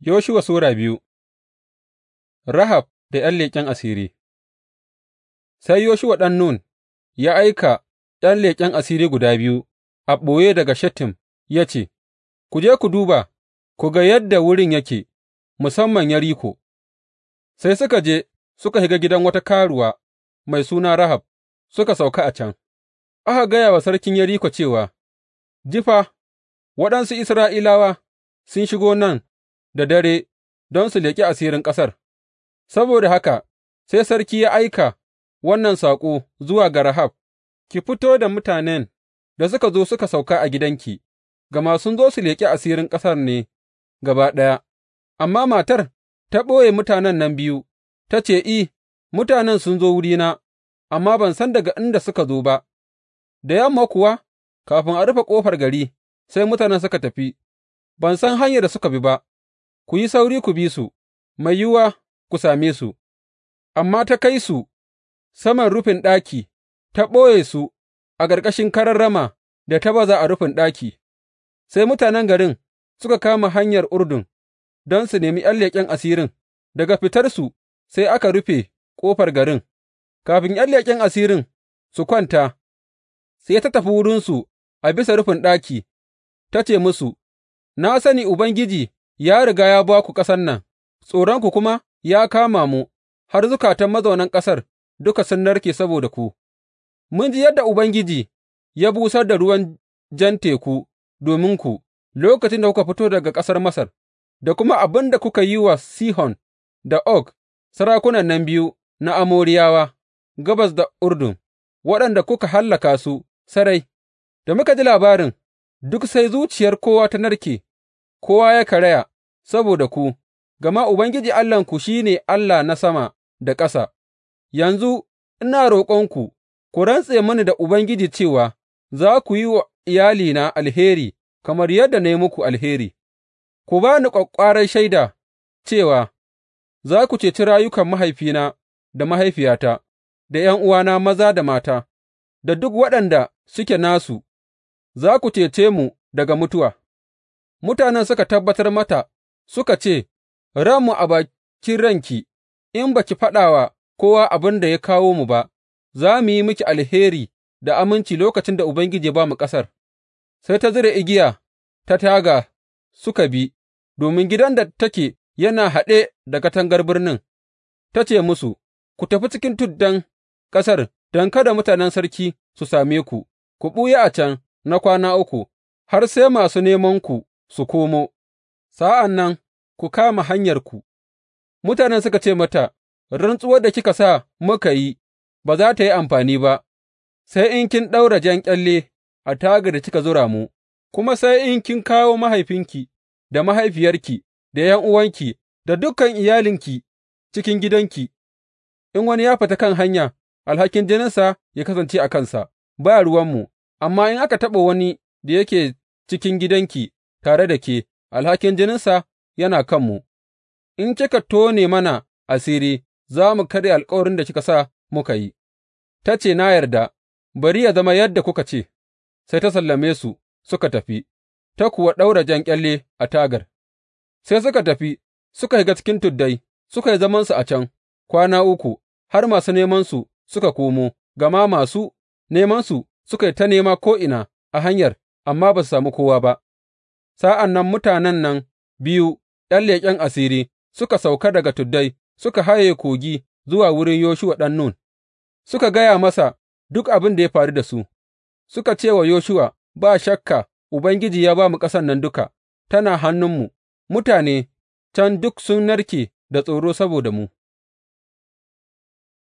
Yoshuwa Sura biyu Rahab da ’yan leƙen asiri Sai Yoshuwa ɗan Nun ya aika ’yan leƙen asiri guda biyu a ɓoye daga Shittim ya ce, Ku je ku duba, ku ga yadda wurin yake, musamman ya riko. sai suka je suka shiga gidan wata karuwa mai suna Rahab suka sauka a can, aka gaya wa sarkin Yeriko cewa, Jifa, waɗansu Isra'ilawa sun shigo nan. da dare don su leƙi asirin ƙasar, saboda haka sai sarki ya aika wannan saƙo zuwa ga Rahab, Ki fito da mutanen da suka zo suka sauka a gidanki, gama sun zo su leƙi asirin ƙasar ne gaba ɗaya, amma matar ta ɓoye mutanen nan biyu, ta ce, I, mutanen sun zo wurina, amma ban san daga inda suka zo ba, da yamma kuwa, kafin a rufe ƙofar gari, sai mutanen suka tafi, ban san hanyar da suka bi ba. ku yi sauri ku bi su, mai yiwuwa ku same su, amma ta kai su saman rufin ɗaki, ta ɓoye su a ƙarƙashin kararrama da ta baza a rufin ɗaki, sai mutanen garin suka kama hanyar Urdun don su nemi ’yan leƙen asirin, daga fitarsu sai aka rufe ƙofar garin, kafin ’yan leƙen asirin su kwanta, sai ta tafi wurinsu a bisa rufin ɗaki, ta ce musu, Na sani Ubangiji ya riga ya ba ku ƙasan nan, tsoronku kuma ya kama mu, har zukatan mazaunan ƙasar duka sun narke saboda ku. Mun ji yadda Ubangiji ya busar da ruwan jan teku dominku lokacin da kuka fito daga ƙasar Masar, da kuma abin da kuka yi wa Sihon da Og, sarakunan nan biyu na Amoriyawa, gabas da Urdun, waɗanda kuka hallaka su sarai, da muka ji labarin, duk sai zuciyar kowa ta narke kowa ya karaya saboda ku, gama Ubangiji Allahnku shi ne Allah na sama da ƙasa, yanzu ina roƙonku, ku rantse mini da Ubangiji cewa za ku yi wa iyalina alheri kamar yadda na yi muku alheri, ku ba ni ƙwaƙƙwarar shaida cewa za ku ceci rayukan mahaifina da mahaifiyata, da ’yan'uwana maza da mata, da duk waɗanda suke nasu, za ku cece mu daga mutuwa. Mutanen suka tabbatar mata suka ce, Ranmu a bakin ranki, in ba ki faɗa wa kowa abin da ya kawo mu ba, za mu yi miki alheri da aminci lokacin da Ubangiji ba mu ƙasar. Sai ta zira igiya ta taga suka bi, domin gidan da take yana haɗe da katangar birnin, ta ce musu, Ku tafi cikin tuddan ƙasar don kada mutanen sarki su same ku, ku ɓuya a can na kwana uku, har sai masu neman ku. su komo, sa'an nan ku kama hanyarku. Mutanen suka ce mata, Rantsuwar da kika sa muka yi ba za ta yi amfani ba, sai in kin ɗaura jan ƙyalle a tagar da kika zura mu, kuma sai in kin kawo mahaifinki da mahaifiyarki da ’yan uwanki da dukan iyalinki cikin gidanki, in wani ya fata kan hanya, alhakin jininsa ya kasance a kansa, ba ruwanmu, amma in aka taɓa wani da yake cikin gidanki tare da ke, alhakin jininsa yana kanmu, in kika tone mana asiri, za mu karya alkawarin da kika sa muka yi. Ta ce, Na yarda, bari ya zama yadda kuka ce, sai ta sallame su suka tafi, ta kuwa ɗaura jan ƙyalle a tagar, sai suka tafi, suka shiga cikin tuddai, suka yi zamansu a can kwana uku, har masu nemansu suka komo, gama masu nemansu suka yi ta nema ko'ina a hanyar, amma ba su sami kowa ba. Sa'an nan mutanen nan biyu, ’yan leƙen asiri, suka sauka daga tuddai suka haye kogi zuwa wurin Yoshuwa ɗan Nun, suka gaya masa duk abin da ya faru da su, suka ce wa Yoshuwa, Ba shakka Ubangiji ya ba mu ƙasan nan duka, tana hannunmu, mutane can duk sun narke da tsoro saboda mu.